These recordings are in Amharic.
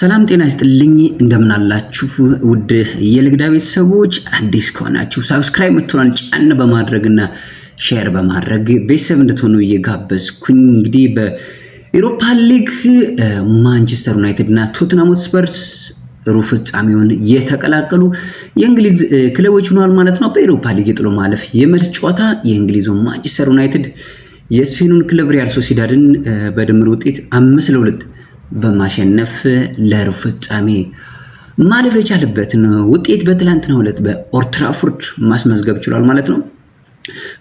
ሰላም ጤና ይስጥልኝ፣ እንደምናላችሁ ውድ የልግዳ ቤተሰቦች፣ አዲስ ከሆናችሁ ሳብስክራይብ መትሆናል ጫን በማድረግና ሼር በማድረግ ቤተሰብ እንድትሆኑ እየጋበዝኩኝ እንግዲህ በኤሮፓ ሊግ ማንቸስተር ዩናይትድ እና ቶትናም ስፐርስ ሩብ ፍጻሜውን የተቀላቀሉ የእንግሊዝ ክለቦች ሆነዋል ማለት ነው። በኤሮፓ ሊግ የጥሎ ማለፍ የመልስ ጨዋታ የእንግሊዙ ማንቸስተር ዩናይትድ የስፔኑን ክለብ ሪያል ሶሲዳድን በድምር ውጤት አምስት ለሁለት በማሸነፍ ለሩብ ፍጻሜ ማለፍ የቻለበትን ውጤት በትላንትናው ዕለት በኦርትራፉርድ ማስመዝገብ ችሏል ማለት ነው።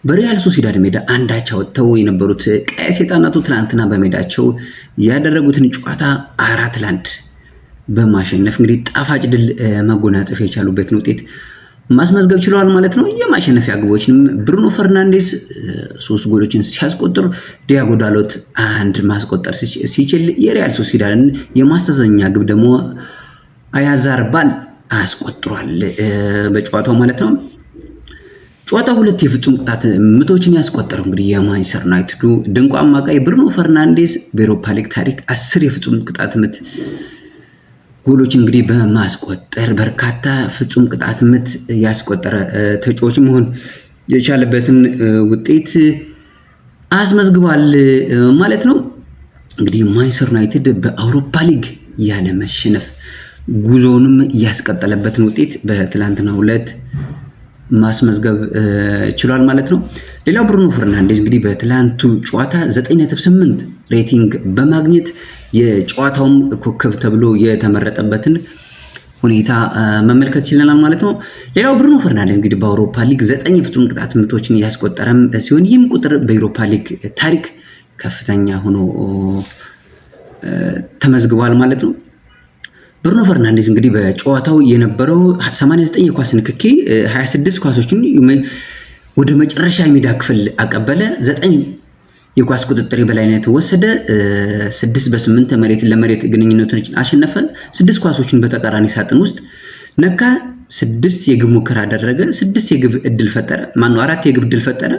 በሪያል ሶሲዳድ ሜዳ አንዳቻ ወጥተው የነበሩት ቀይ ሰይጣናቱ ትላንትና በሜዳቸው ያደረጉትን ጨዋታ አራት ለአንድ በማሸነፍ እንግዲህ ጣፋጭ ድል መጎናጸፍ የቻሉበትን ውጤት ማስመዝገብ ችለዋል ማለት ነው። የማሸነፊያ ግቦችንም ብሩኖ ፈርናንዴስ ሶስት ጎሎችን ሲያስቆጥር ዲያጎ ዳሎት አንድ ማስቆጠር ሲችል የሪያል ሶሲዳድን የማስተዘኛ ግብ ደግሞ ባል አስቆጥሯል በጨዋታው ማለት ነው። ጨዋታው ሁለት የፍጹም ቅጣት ምቶችን ያስቆጠረው እንግዲህ የማንቸስተር ዩናይትዱ ድንቁ አማካይ ብሩኖ ፈርናንዴስ በኤሮፓ ሊግ ታሪክ አስር የፍጹም ቅጣት ምት ጎሎች እንግዲህ በማስቆጠር በርካታ ፍጹም ቅጣት ምት ያስቆጠረ ተጫዋች መሆን የቻለበትን ውጤት አስመዝግቧል ማለት ነው። እንግዲህ ማንቸስተር ዩናይትድ በአውሮፓ ሊግ ያለ መሸነፍ ጉዞውንም ያስቀጠለበትን ውጤት በትላንትናው ዕለት ማስመዝገብ ችሏል ማለት ነው። ሌላው ብሩኖ ፈርናንዴዝ እንግዲህ በትላንቱ ጨዋታ 9.8 ሬቲንግ በማግኘት የጨዋታውም ኮከብ ተብሎ የተመረጠበትን ሁኔታ መመልከት ችለናል ማለት ነው። ሌላው ብሩኖ ፈርናንዴዝ እንግዲህ በአውሮፓ ሊግ ዘጠኝ ፍጹም ቅጣት ምቶችን እያስቆጠረም ሲሆን ይህም ቁጥር በአውሮፓ ሊግ ታሪክ ከፍተኛ ሆኖ ተመዝግቧል ማለት ነው። ብሩኖ ፈርናንዴዝ እንግዲህ በጨዋታው የነበረው 89 የኳስ ንክኪ 26 ኳሶችን ወደ መጨረሻ የሜዳ ክፍል አቀበለ፣ ዘጠኝ የኳስ ቁጥጥር የበላይነት ወሰደ። ስድስት በስምንት መሬት ለመሬት ግንኙነቶችን አሸነፈ። ስድስት ኳሶችን በተቃራኒ ሳጥን ውስጥ ነካ። ስድስት የግብ ሙከራ አደረገ። ስድስት የግብ እድል ፈጠረ። ማነው አራት የግብ እድል ፈጠረ።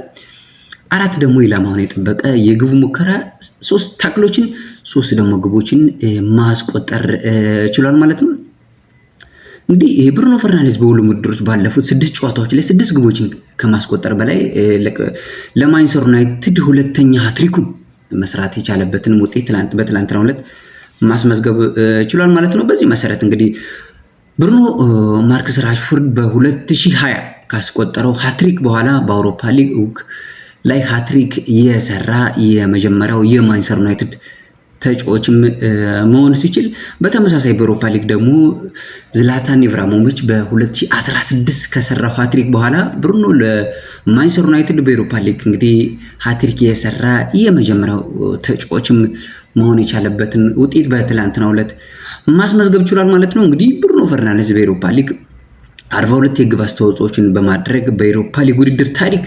አራት ደግሞ ኢላማውን የጠበቀ የግቡ ሙከራ ሶስት ታክሎችን ሶስት ደግሞ ግቦችን ማስቆጠር ችሏል ማለት ነው። እንግዲህ ብሩኖ ፈርናንዴዝ በሁሉም ውድድሮች ባለፉት ስድስት ጨዋታዎች ላይ ስድስት ግቦችን ከማስቆጠር በላይ ለማንቸስተር ዩናይትድ ሁለተኛ ሀትሪኩን መስራት የቻለበትን ውጤት በትላንትና ሁለት ማስመዝገብ ችሏል ማለት ነው። በዚህ መሰረት እንግዲህ ብሩኖ ማርክስ ራሽፎርድ በ2020 ካስቆጠረው ሀትሪክ በኋላ በአውሮፓ ሊግ ላይ ሀትሪክ የሰራ የመጀመሪያው የማንቸስተር ዩናይትድ ተጫዋች መሆን ሲችል በተመሳሳይ በአውሮፓ ሊግ ደግሞ ዝላታን ኢብራሂሞቪች በ2016 ከሰራው ሃትሪክ በኋላ ብሩኖ ለማንቸስተር ዩናይትድ በአውሮፓ ሊግ እንግዲህ ሃትሪክ የሰራ የመጀመሪያው ተጫዋችም መሆን የቻለበትን ውጤት በትላንትናው ዕለት ማስመዝገብ ችሏል ማለት ነው። እንግዲህ ብሩኖ ፈርናንዴዝ በአውሮፓ ሊግ 42 የግብ አስተዋጽኦችን በማድረግ በአውሮፓ ሊግ ውድድር ታሪክ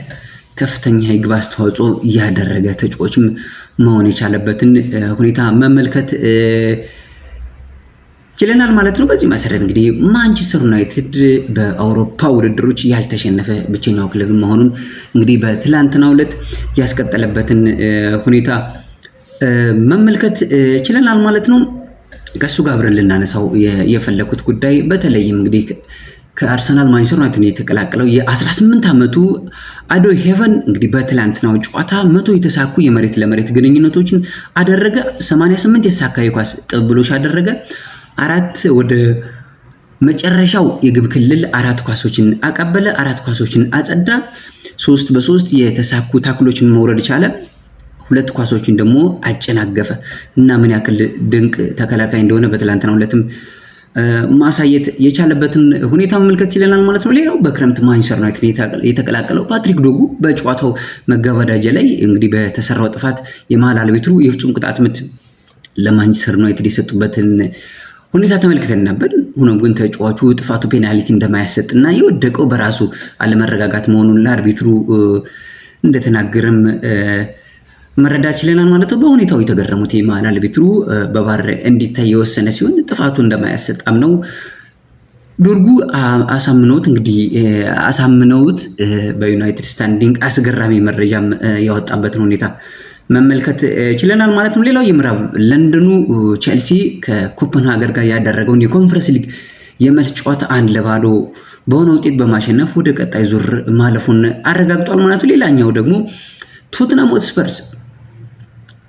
ከፍተኛ የግብ አስተዋጽኦ እያደረገ ተጫዋችም መሆን የቻለበትን ሁኔታ መመልከት ችለናል ማለት ነው። በዚህ መሰረት እንግዲህ ማንቸስተር ዩናይትድ በአውሮፓ ውድድሮች ያልተሸነፈ ብቸኛው ክለብ መሆኑን እንግዲህ በትላንትናው ዕለት ያስቀጠለበትን ሁኔታ መመልከት ችለናል ማለት ነው። ከእሱ ጋር አብረን ልናነሳው የፈለኩት ጉዳይ በተለይም እንግዲህ ከአርሰናል ማንቸስተር ዩናይትድ የተቀላቀለው የ18 ዓመቱ አዶ ሄቨን እንግዲህ በትላንትናው ጨዋታ መቶ የተሳኩ የመሬት ለመሬት ግንኙነቶችን አደረገ። 88 የተሳካ የኳስ ቅብሎች አደረገ። አራት ወደ መጨረሻው የግብ ክልል አራት ኳሶችን አቀበለ። አራት ኳሶችን አጸዳ። ሶስት በሶስት የተሳኩ ታክሎችን መውረድ ቻለ። ሁለት ኳሶችን ደግሞ አጨናገፈ እና ምን ያክል ድንቅ ተከላካይ እንደሆነ በትላንትናው ዕለትም ማሳየት የቻለበትን ሁኔታ መመልከት ችለናል ማለት ነው። ሌላው በክረምት ማንቸስተር ዩናይትድ የተቀላቀለው ፓትሪክ ዶጉ በጨዋታው መገባዳጃ ላይ እንግዲህ በተሰራው ጥፋት የመሃል አልቤትሩ የፍጹም ቅጣት ምት ለማንቸስተር ዩናይትድ የሰጡበትን ሁኔታ ተመልክተን ነበር። ሆኖም ግን ተጫዋቹ ጥፋቱ ፔናልቲ እና የወደቀው በራሱ አለመረጋጋት መሆኑን ለአርቢትሩ እንደተናገረም መረዳት ችለናል ማለት ነው። በሁኔታው የተገረሙት የመሃል አልቤትሩ በባር እንዲታይ የወሰነ ሲሆን ጥፋቱ እንደማያሰጣም ነው ዶርጉ አሳምነውት እንግዲህ አሳምነውት በዩናይትድ ስታንዲንግ አስገራሚ መረጃ ያወጣበትን ሁኔታ መመልከት ችለናል ማለት ነው። ሌላው የምዕራብ ለንደኑ ቼልሲ ሀገር ጋር ያደረገውን የኮንፈረንስ ሊግ የመልስ ጨዋታ አንድ ለባዶ በሆነ ውጤት በማሸነፍ ወደ ቀጣይ ዙር ማለፉን አረጋግጧል ማለት ነው። ሌላኛው ደግሞ ቶትናም ሆትስፐርስ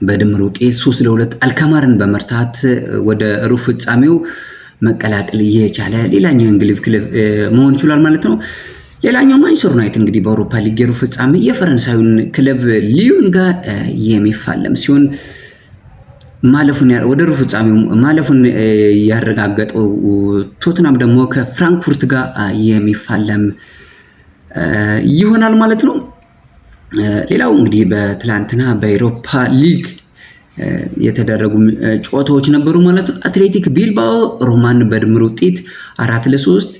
በድምር ውጤት ሶስት ለሁለት አልካማርን በመርታት ወደ ሩብ ፍጻሜው መቀላቀል የቻለ ሌላኛው እንግሊዝ ክለብ መሆን ችሏል ማለት ነው። ሌላኛው ማንቸስተር ዩናይትድ እንግዲህ በአውሮፓ ሊግ የሩብ ፍጻሜ የፈረንሳዩን ክለብ ሊዮን ጋር የሚፋለም ሲሆን ማለፉን ወደ ሩብ ፍጻሜው ማለፉን ያረጋገጠው ቶትናም ደግሞ ከፍራንክፉርት ጋር የሚፋለም ይሆናል ማለት ነው። ሌላው እንግዲህ በትላንትና በኤሮፓ ሊግ የተደረጉ ጨዋታዎች ነበሩ ማለት ነው። አትሌቲክ ቢልባኦ ሮማን በድምር ውጤት አራት ለሶስት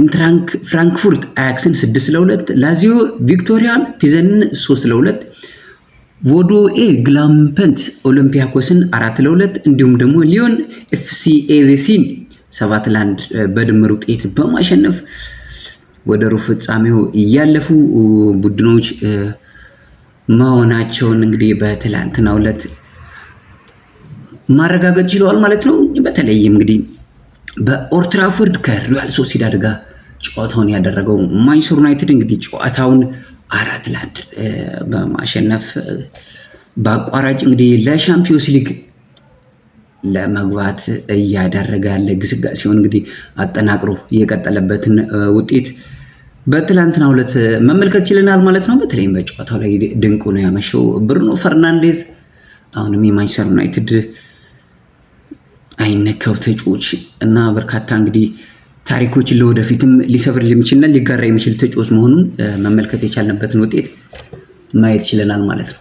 ኢንትራንክ ፍራንክፉርት አያክስን ስድስት ለሁለት ላዚዮ ቪክቶሪያን ፒዘንን ሶስት ለሁለት ቮዶኤ ግላምፐንት ኦሎምፒያኮስን አራት ለሁለት እንዲሁም ደግሞ ሊዮን ኤፍሲ ሰባት ለአንድ በድምር ውጤት በማሸነፍ ወደ ሩብ ፍጻሜው እያለፉ ቡድኖች መሆናቸውን እንግዲህ በትላንትናው ዕለት ማረጋገጥ ችለዋል ማለት ነው። በተለይም እንግዲህ በኦርትራፎርድ ከሪያል ሶሲዳድ ጋር ጨዋታውን ያደረገው ማንቸስተር ዩናይትድ እንግዲህ ጨዋታውን አራት ለአንድ በማሸነፍ በአቋራጭ እንግዲህ ለሻምፒዮንስ ሊግ ለመግባት እያደረገ ያለ ግስጋሴውን እንግዲህ አጠናቅሮ የቀጠለበትን ውጤት በትላንትና ሁለት መመልከት ችለናል ማለት ነው። በተለይም በጨዋታው ላይ ድንቅ ነው ያመሸው ብሩኖ ፈርናንዴዝ አሁንም የማንቸስተር ዩናይትድ አይነካው ተጫዎች እና በርካታ እንግዲህ ታሪኮችን ለወደፊትም ሊሰብር የሚችልና ሊጋራ የሚችል ተጫዎች መሆኑን መመልከት የቻልንበትን ውጤት ማየት ችለናል ማለት ነው።